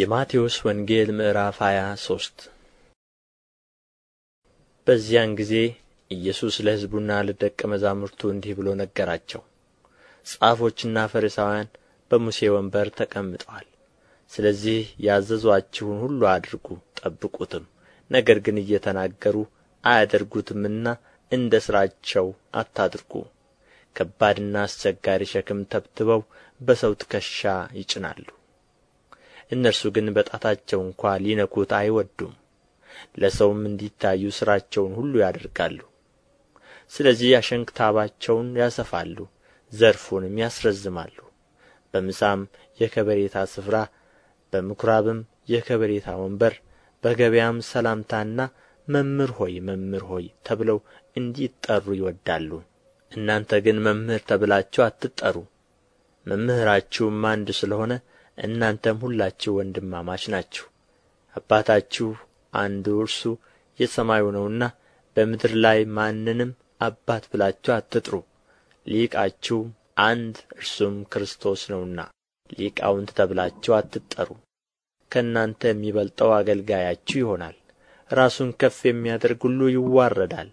የማቴዎስ ወንጌል ምዕራፍ 23 ሶስት በዚያን ጊዜ ኢየሱስ ለሕዝቡና ለደቀ መዛሙርቱ እንዲህ ብሎ ነገራቸው። ጻፎችና ፈሪሳውያን በሙሴ ወንበር ተቀምጠዋል። ስለዚህ ያዘዟችሁን ሁሉ አድርጉ፣ ጠብቁትም። ነገር ግን እየተናገሩ አያደርጉትምና እንደ ሥራቸው አታድርጉ። ከባድና አስቸጋሪ ሸክም ተብትበው በሰው ትከሻ ይጭናሉ እነርሱ ግን በጣታቸው እንኳ ሊነኩት አይወዱም። ለሰውም እንዲታዩ ሥራቸውን ሁሉ ያደርጋሉ። ስለዚህ አሸንክታባቸውን ያሰፋሉ፣ ዘርፉንም ያስረዝማሉ። በምሳም የከበሬታ ስፍራ፣ በምኵራብም የከበሬታ ወንበር፣ በገበያም ሰላምታና መምህር ሆይ መምህር ሆይ ተብለው እንዲጠሩ ይወዳሉ። እናንተ ግን መምህር ተብላችሁ አትጠሩ፣ መምህራችሁም አንድ ስለሆነ እናንተም ሁላችሁ ወንድማማች ናችሁ አባታችሁ አንዱ እርሱ የሰማዩ ነውና በምድር ላይ ማንንም አባት ብላችሁ አትጥሩ ሊቃችሁም አንድ እርሱም ክርስቶስ ነውና ሊቃውንት ተብላችሁ አትጠሩ ከእናንተ የሚበልጠው አገልጋያችሁ ይሆናል ራሱን ከፍ የሚያደርግ ሁሉ ይዋረዳል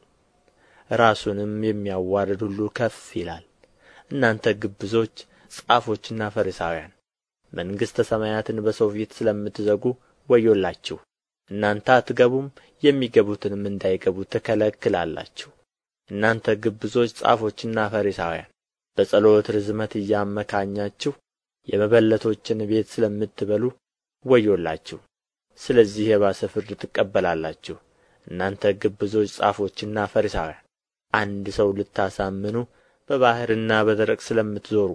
ራሱንም የሚያዋርድ ሁሉ ከፍ ይላል እናንተ ግብዞች ጻፎችና ፈሪሳውያን መንግሥተ ሰማያትን በሰው ፊት ስለምትዘጉ ወዮላችሁ እናንተ አትገቡም የሚገቡትንም እንዳይገቡ ትከለክላላችሁ እናንተ ግብዞች ጻፎችና ፈሪሳውያን በጸሎት ርዝመት እያመካኛችሁ የመበለቶችን ቤት ስለምትበሉ ወዮላችሁ ስለዚህ የባሰ ፍርድ ትቀበላላችሁ እናንተ ግብዞች ጻፎችና ፈሪሳውያን አንድ ሰው ልታሳምኑ በባሕርና በደረቅ ስለምትዞሩ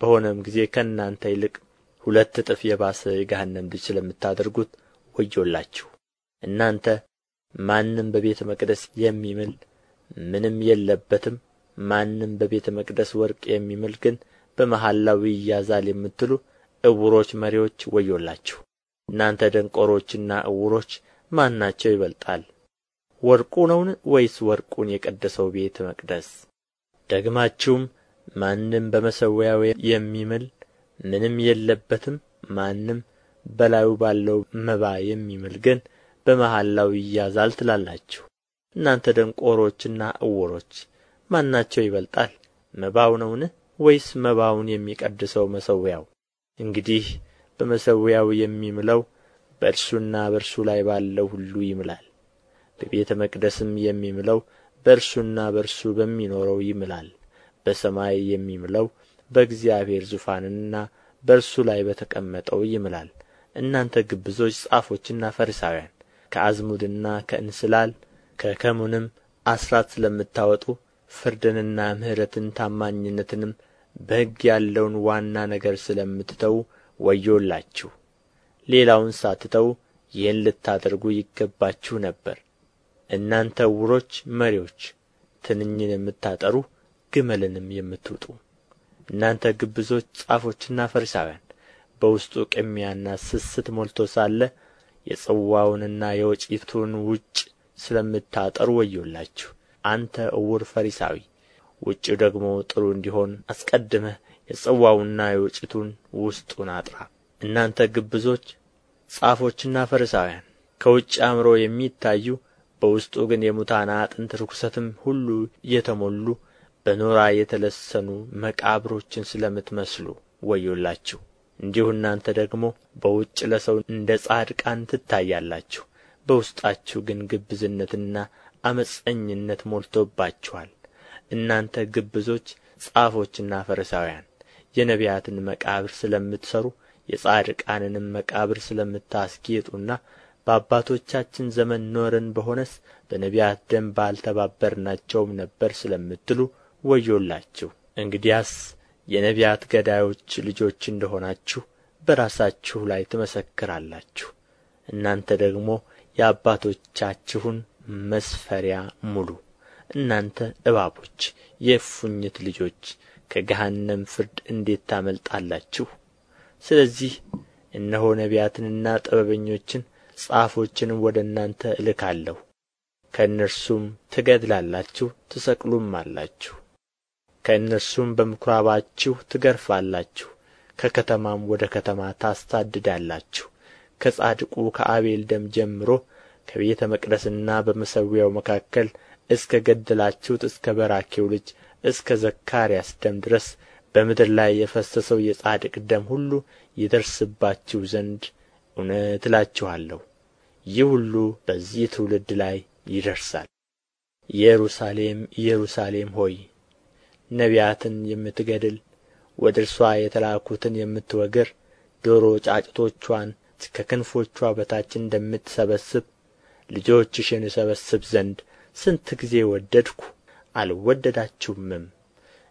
በሆነም ጊዜ ከእናንተ ይልቅ ሁለት እጥፍ የባሰ የገሃነም ልጅ ስለምታደርጉት ወዮላችሁ እናንተ ማንም በቤተ መቅደስ የሚምል ምንም የለበትም ማንም በቤተ መቅደስ ወርቅ የሚምል ግን በመሐላው ይያዛል የምትሉ እውሮች መሪዎች ወዮላችሁ እናንተ ደንቆሮችና እውሮች ማናቸው ይበልጣል ወርቁ ነውን ወይስ ወርቁን የቀደሰው ቤተ መቅደስ ደግማችሁም ማንም በመሠዊያው የሚምል ምንም የለበትም ማንም በላዩ ባለው መባ የሚምል ግን በመሐላው ይያዛል ትላላችሁ እናንተ ደንቆሮችና እውሮች ማናቸው ይበልጣል መባው ነውን ወይስ መባውን የሚቀድሰው መሠዊያው እንግዲህ በመሠዊያው የሚምለው በእርሱና በእርሱ ላይ ባለው ሁሉ ይምላል በቤተ መቅደስም የሚምለው በእርሱና በእርሱ በሚኖረው ይምላል በሰማይ የሚምለው በእግዚአብሔር ዙፋንና በእርሱ ላይ በተቀመጠው ይምላል እናንተ ግብዞች ጻፎችና ፈሪሳውያን ከአዝሙድና ከእንስላል ከከሙንም አስራት ስለምታወጡ ፍርድንና ምሕረትን ታማኝነትንም በሕግ ያለውን ዋና ነገር ስለምትተዉ ወዮላችሁ ሌላውን ሳትተዉ ይህን ልታደርጉ ይገባችሁ ነበር እናንተ ዕውሮች መሪዎች ትንኝን የምታጠሩ ግመልንም የምትውጡ እናንተ ግብዞች ጻፎችና ፈሪሳውያን በውስጡ ቅሚያና ስስት ሞልቶ ሳለ የጽዋውንና የወጪቱን ውጭ ስለምታጠሩ ወዮላችሁ አንተ ዕውር ፈሪሳዊ ውጭው ደግሞ ጥሩ እንዲሆን አስቀድመህ የጽዋውና የወጪቱን ውስጡን አጥራ እናንተ ግብዞች ጻፎችና ፈሪሳውያን ከውጭ አምሮ የሚታዩ በውስጡ ግን የሙታን አጥንት ርኵሰትም ሁሉ እየተሞሉ በኖራ የተለሰኑ መቃብሮችን ስለምትመስሉ ወዮላችሁ እንዲሁ እናንተ ደግሞ በውጭ ለሰው እንደ ጻድቃን ትታያላችሁ በውስጣችሁ ግን ግብዝነትና አመፀኝነት ሞልቶባችኋል እናንተ ግብዞች ጻፎችና ፈሪሳውያን የነቢያትን መቃብር ስለምትሰሩ የጻድቃንንም መቃብር ስለምታስጌጡና በአባቶቻችን ዘመን ኖረን በሆነስ በነቢያት ደም ባልተባበርናቸውም ነበር ስለምትሉ ወዮላችሁ እንግዲያስ የነቢያት ገዳዮች ልጆች እንደ ሆናችሁ በራሳችሁ ላይ ትመሰክራላችሁ እናንተ ደግሞ የአባቶቻችሁን መስፈሪያ ሙሉ እናንተ እባቦች የእፉኝት ልጆች ከገሃነም ፍርድ እንዴት ታመልጣላችሁ ስለዚህ እነሆ ነቢያትንና ጥበበኞችን ጻፎችንም ወደ እናንተ እልካለሁ ከእነርሱም ትገድላላችሁ ትሰቅሉም አላችሁ ከእነርሱም በምኵራባችሁ ትገርፋላችሁ ከከተማም ወደ ከተማ ታስታድዳላችሁ። ከጻድቁ ከአቤል ደም ጀምሮ ከቤተ መቅደስና በመሠዊያው መካከል እስከ ገደላችሁት እስከ በራኪው ልጅ እስከ ዘካርያስ ደም ድረስ በምድር ላይ የፈሰሰው የጻድቅ ደም ሁሉ ይደርስባችሁ ዘንድ እውነት እላችኋለሁ ይህ ሁሉ በዚህ ትውልድ ላይ ይደርሳል ኢየሩሳሌም ኢየሩሳሌም ሆይ ነቢያትን የምትገድል ወደ እርስዋ የተላኩትን የምትወግር ዶሮ ጫጭቶቿን ከክንፎችዋ በታች እንደምትሰበስብ ልጆችሽን እሰበስብ ዘንድ ስንት ጊዜ ወደድሁ አልወደዳችሁምም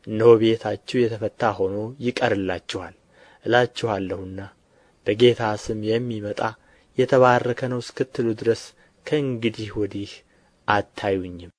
እነሆ ቤታችሁ የተፈታ ሆኖ ይቀርላችኋል እላችኋለሁና በጌታ ስም የሚመጣ የተባረከ ነው እስክትሉ ድረስ ከእንግዲህ ወዲህ አታዩኝም